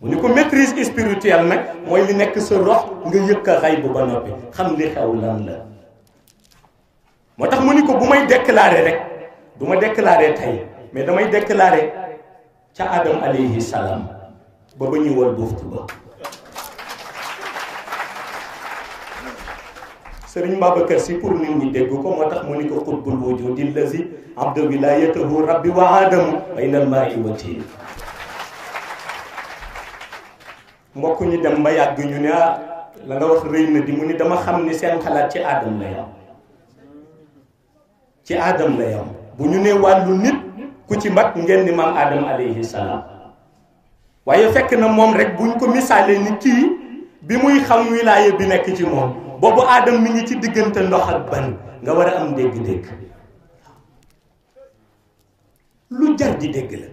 mu ni ko maîtrise spirituelle nag mooy li nekk sa rox nga yëg a xay bu ba noppi xam li xew lan la moo tax mu ni ko bu may déclarer rek du ma déclarer tey mais damay déclarer ca Adam alayhi ba ba ñuy war buftu ba sëriñ Babacar si pour nit ñi dégg ko moo tax mu ni ko xutbul wujudi allazi abda wilayatahu rabbi wa adamu bayna al ma'i mbokk ñu dem ba yàgg ñu ne ah la nga wax rëy na di mu ni dama xam ni seen xalaat ci aadam la yam ci aadam la yam bu ñu ne wàllu nit ku ci mag ngeen ni maam aadam alayhi waaye fekk na moom rek buñ ko misaalee ni kii bi muy xam wilaaya bi nekk ci moom boobu aadam mi ngi ci diggante ndox ak ban nga war a am dégg-dégg lu jar di dégg la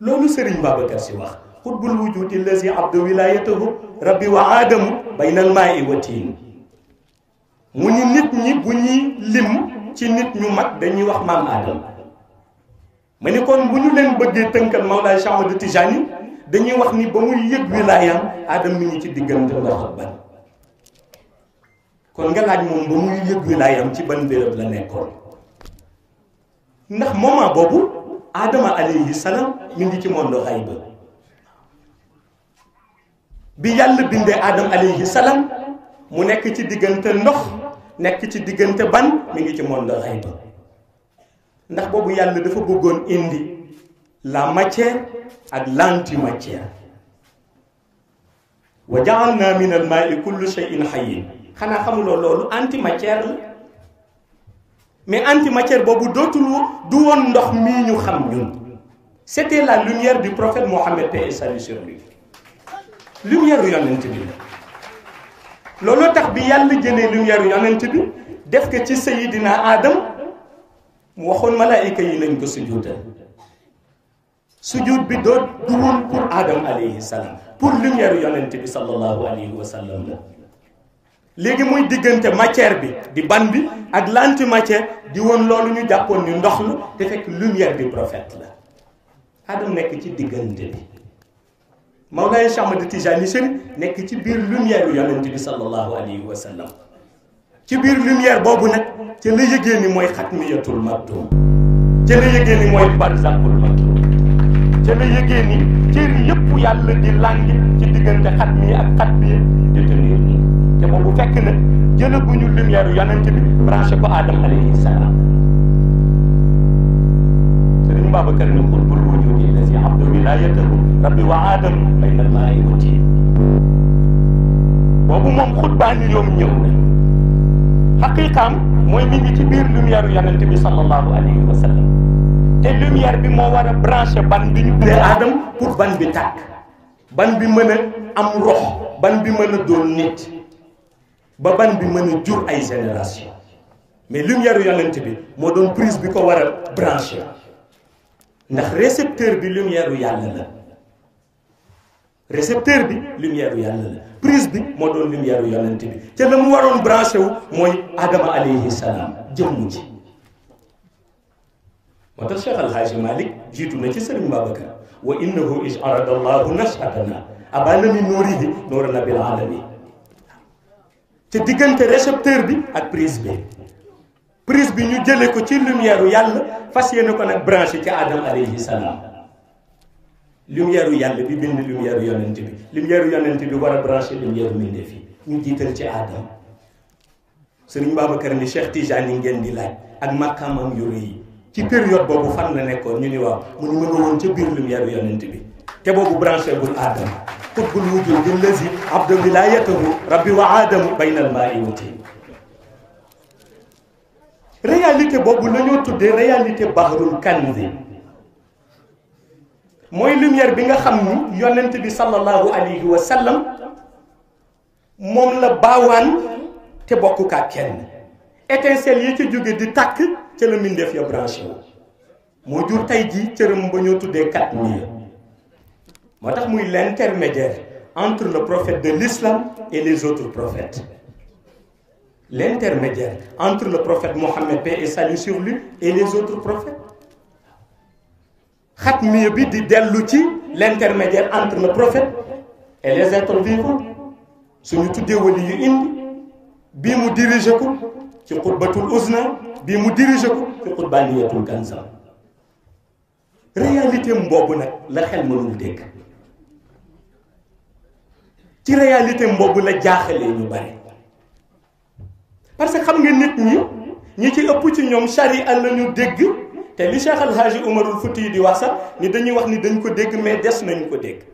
loolu sëriñ Babacar si wax xutbul wujudi lazi abdu wilayatahu rabbi wa aadamu baynal maa'i wa tiin mu ñu nit ñi bu ñuy lim ci nit ñu mag dañuy wax maam aadam ma ni kon bu ñu leen bëggee tënkal Mawlaay Cheikh Ahmadu Tijaani dañuy wax ni ba muy yëg wilaayam aadam mi ngi ci diggante loxo ban kon nga laaj moom ba muy yëg wilaayam ci ban béréb la nekkoon ndax moment boobu aadama alayhi salaam mi ngi ci mondo xayba bi yàlla bindee Adam alayhi salaam mu nekk ci diggante ndox nekk ci diggante ban mi ngi ci monde xay bi ndax boobu yàlla dafa bëggoon indi la matière ak l'antimatière wa ja'alna min al-ma'i kulli shay'in hayy xanaa xamuloo loolu antimatière la mais antimatière boobu dootul du woon ndox mii ñu xam ñun c'était la lumière bi profet Mohammed paix et salut lumière yonent bi la looloo tax bi yàlla jëlee lumière yonent bi def ko ci sayidina Adam mu waxoon malaayika yi nañ ko sujjuutal sujjuut bi doo du woon pour Adam alayhi salaam pour lumière yonent bi sallallahu alayhi wa la léegi muy diggante matière bi di ban bi ak l'anti matière di woon loolu ñu jàppoon ni ndox la te fekk lumière bi prophète la Adam nekk ci diggante bi Mawlaay Cheikh Ahmad Tijaani Chérif nekk ci biir lumière yu yonent bi sallallahu alayhi ci biir lumière boobu nag ca la mooy xatmiyatul maktum ca la yëgee mooy barzakul maktum ca la yëgee ni cër yëpp yàlla di langi ci diggante xat mi ak xat bi di tenir nii boobu fekk na jëlaguñu lumière yu yonent bi branché ko Adam alayhi salaam sëriñ Babacar ni xutbul wujudi la si abdu wilayatahu rabbi wa aadam fa inna allaha yutiin boobu moom xutbaa yoom ñëw na xaqiqaam mooy mi ngi ci biir lumière yonent bi sallallahu alayhi wa sallam te lumière bi moo war a ban bi ñu dee aadam ban bi tàkk ban bi mën a am rox ban bi mën a doon nit ba ban bi mën jur ay génération mais lumière yonent bi moo doon prise bi ko war a branché ndax récepteur bi lumière yàlla la récepteur bi lumière u yàlla la prise bi moo doon lumière u yonent bi ca la mu waroon branché wu mooy adama alayhi salaam jëmm ji moo tax Cheikh Alhaaji jiitu na ci Sëriñ Babacar wa innahu is arada allahu nashatana abana mi noorihi noorana bil alami te diggante récepteur bi ak prise bi prise bi ñu jële ko ci lumière u yàlla fas yéene ko nag branché ci adam alayhi lumière u yàlla bi bind lumière u yonent bi lumière u yonent bi war a branché lumière u mbindeef ci aadama sëriñ Babacar ni Cheikh Tijani ngeen di laaj ak màkkaamam yu rëy ci période boobu fan la ko ñu ni waaw mu ni mën a woon ca biir lumière u yonent te boobu branché bul aadama xutbul wujud di lazi abdu wilayatahu rabbi wa aadamu baynal maa iwati réalité boobu la ñoo tuddee réalité bahrul kanzi mooy lumière bi nga xam ni yonent bi sallallahu alayhi wa sallam moom la baawaan te bokkukaat kenn étincelle yi ca jóge di tàkk ca la mbindeef ya branché moo jur tey jii cëram ba ñoo tuddee kat nii moo tax muy l'intermédiaire entre le prophète de l'islam et les autres prophètes l'intermédiaire entre le prophète Mohammed paix et salut sur lui et les autres prophètes xatmiya bi di dellu ci l'intermédiaire entre na prophète et les êtres vivants suñu tuddee wali yu indi bii mu diriger ko ci xutbatul usna bii mu diriger ko ci xutbaaniyatul kanzam réalité am boobu nag la xel mënul dégg ci réalité am boobu la jaaxalee ñu bari parce que xam nga nit ñi ñi ci ëpp ci ñoom charia la ñu dégg. te li Cheikh Alhaji Umarul Futi yi di wax sax ni dañuy wax ni dañ ko dégg mais des nañu ko dégg